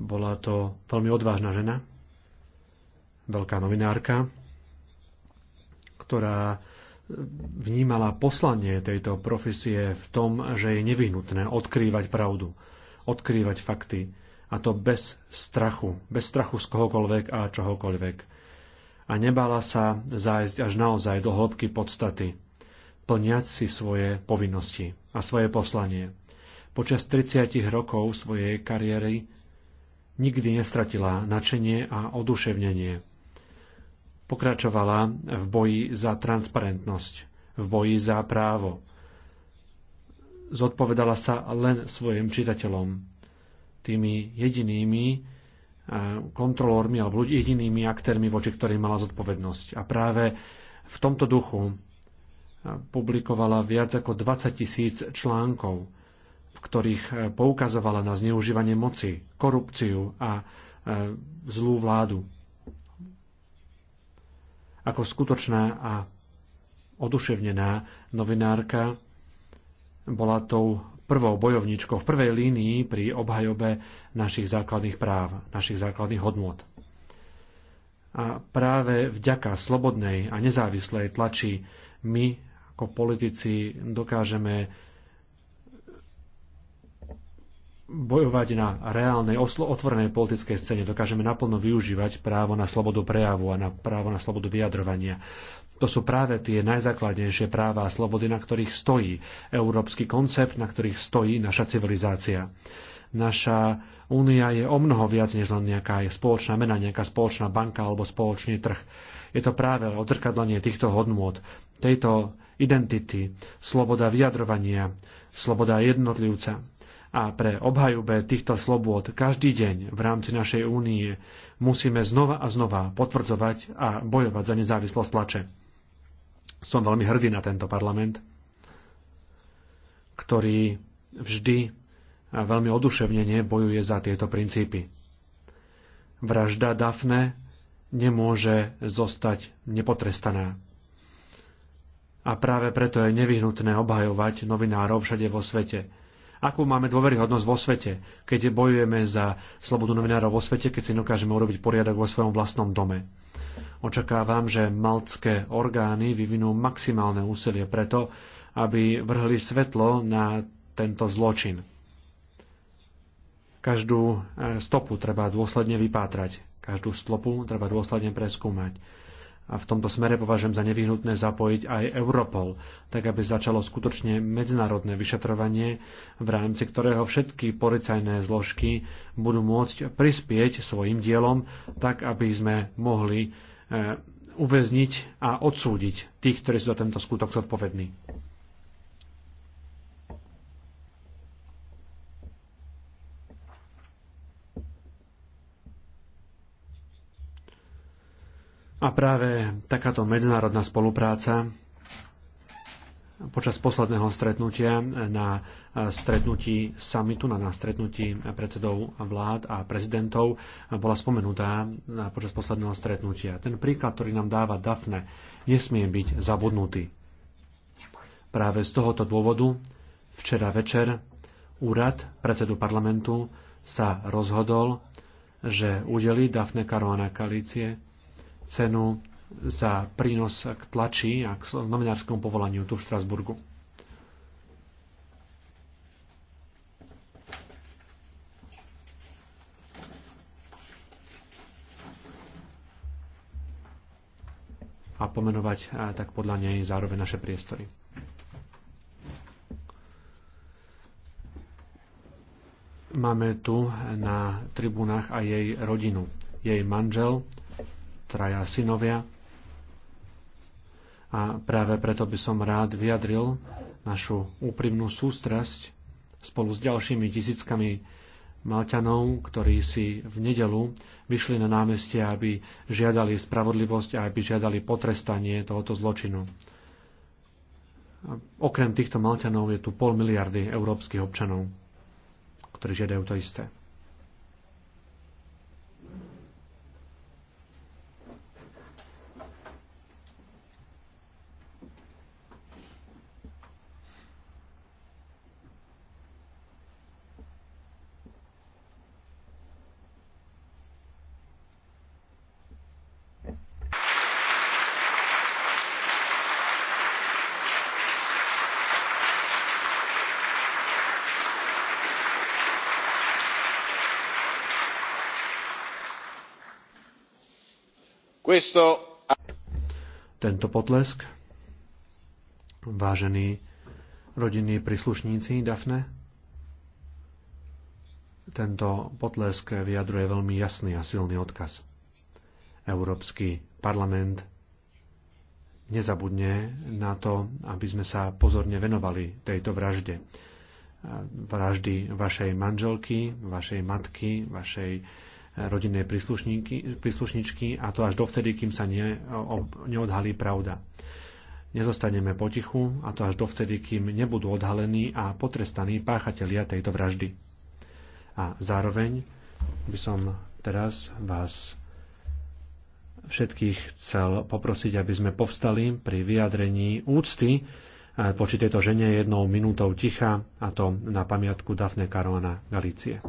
Bola to veľmi odvážna žena, veľká novinárka, ktorá vnímala poslanie tejto profesie v tom, že je nevyhnutné odkrývať pravdu, odkrývať fakty, a to bez strachu, bez strachu z kohokoľvek a čohokoľvek. A nebala sa zájsť až naozaj do hĺbky podstaty, plniať si svoje povinnosti a svoje poslanie. Počas 30 rokov svojej kariéry nikdy nestratila načenie a oduševnenie. Pokračovala v boji za transparentnosť, v boji za právo. Zodpovedala sa len svojim čitateľom, tými jedinými eh, kontrolórmi alebo jedinými aktérmi, voči ktorým mala zodpovednosť. A práve v tomto duchu eh, publikovala viac ako 20 tisíc článkov v ktorých e, poukazovala na zneužívanie moci, korupciu a e, zlú vládu ako skutočná a oduševnená novinárka bola tou prvou bojovníčkou v prvej línii pri obhajobe našich základných práv, našich základných hodnôt. A práve vďaka slobodnej a nezávislej tlači my ako politici dokážeme bojovať na reálnej, otvorenej politickej scéne. Dokážeme naplno využívať právo na slobodu prejavu a na právo na slobodu vyjadrovania. To sú práve tie najzákladnejšie práva a slobody, na ktorých stojí európsky koncept, na ktorých stojí naša civilizácia. Naša únia je o mnoho viac než len nejaká spoločná mena, nejaká spoločná banka alebo spoločný trh. Je to práve odzrkadlenie týchto hodnôt, tejto identity, sloboda vyjadrovania, sloboda jednotlivca, a pre obhajube týchto slobôd každý deň v rámci našej únie musíme znova a znova potvrdzovať a bojovať za nezávislosť tlače. Som veľmi hrdý na tento parlament, ktorý vždy a veľmi oduševnenie bojuje za tieto princípy. Vražda Dafne nemôže zostať nepotrestaná. A práve preto je nevyhnutné obhajovať novinárov všade vo svete – akú máme dôveryhodnosť vo svete, keď bojujeme za slobodu novinárov vo svete, keď si dokážeme urobiť poriadok vo svojom vlastnom dome. Očakávam, že maltské orgány vyvinú maximálne úsilie preto, aby vrhli svetlo na tento zločin. Každú eh, stopu treba dôsledne vypátrať, každú stopu treba dôsledne preskúmať. A v tomto smere považujem za nevyhnutné zapojiť aj Europol, tak aby začalo skutočne medzinárodné vyšetrovanie, v rámci ktorého všetky policajné zložky budú môcť prispieť svojim dielom, tak aby sme mohli eh, uväzniť a odsúdiť tých, ktorí sú za tento skutok zodpovední. A práve takáto medzinárodná spolupráca počas posledného stretnutia na stretnutí samitu, na, stretnutí predsedov vlád a prezidentov bola spomenutá počas posledného stretnutia. Ten príklad, ktorý nám dáva Dafne, nesmie byť zabudnutý. Práve z tohoto dôvodu včera večer úrad predsedu parlamentu sa rozhodol, že udeli Dafne Karoana Kalície cenu za prínos k tlači a k novinárskému povolaniu tu v Štrasburgu. a pomenovať a tak podľa nej zároveň naše priestory. Máme tu na tribúnach aj jej rodinu, jej manžel, traja synovia. A práve preto by som rád vyjadril našu úprimnú sústrasť spolu s ďalšími tisíckami Malťanov, ktorí si v nedelu vyšli na námestie, aby žiadali spravodlivosť a aby žiadali potrestanie tohoto zločinu. Okrem týchto Malťanov je tu pol miliardy európskych občanov, ktorí žiadajú to isté. Tento potlesk, vážení rodinní príslušníci Dafne, tento potlesk vyjadruje veľmi jasný a silný odkaz. Európsky parlament nezabudne na to, aby sme sa pozorne venovali tejto vražde. Vraždy vašej manželky, vašej matky, vašej rodinné príslušničky a to až dovtedy, kým sa ne, neodhalí pravda. Nezostaneme potichu a to až dovtedy, kým nebudú odhalení a potrestaní páchatelia tejto vraždy. A zároveň by som teraz vás všetkých chcel poprosiť, aby sme povstali pri vyjadrení úcty e, voči tejto žene jednou minútou ticha, a to na pamiatku Dafne Karona Galície.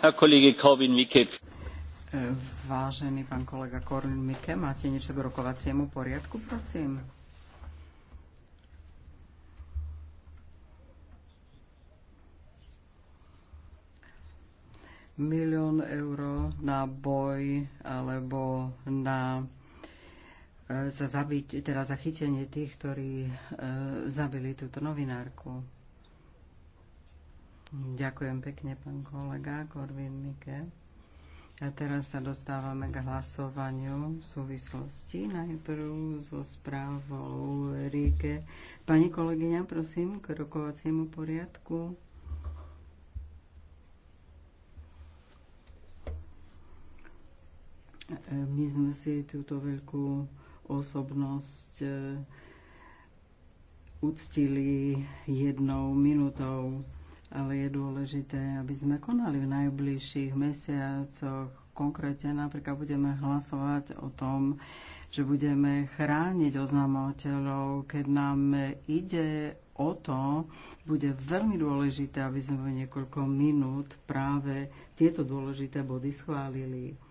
Vážený pán kolega Korn Mikke, máte niečo k rokovaciemu poriadku, prosím? Milión eur na boj alebo na e, za zabiť, teda za chytenie tých, ktorí e, zabili túto novinárku. Ďakujem pekne, pán kolega Korvin Mike. A teraz sa dostávame k hlasovaniu v súvislosti najprv so správou Ríke. Pani kolegyňa, prosím, k rokovaciemu poriadku. My sme si túto veľkú osobnosť e, uctili jednou minutou ale je dôležité, aby sme konali v najbližších mesiacoch. Konkrétne napríklad budeme hlasovať o tom, že budeme chrániť oznamovateľov, keď nám ide o to, bude veľmi dôležité, aby sme v niekoľko minút práve tieto dôležité body schválili.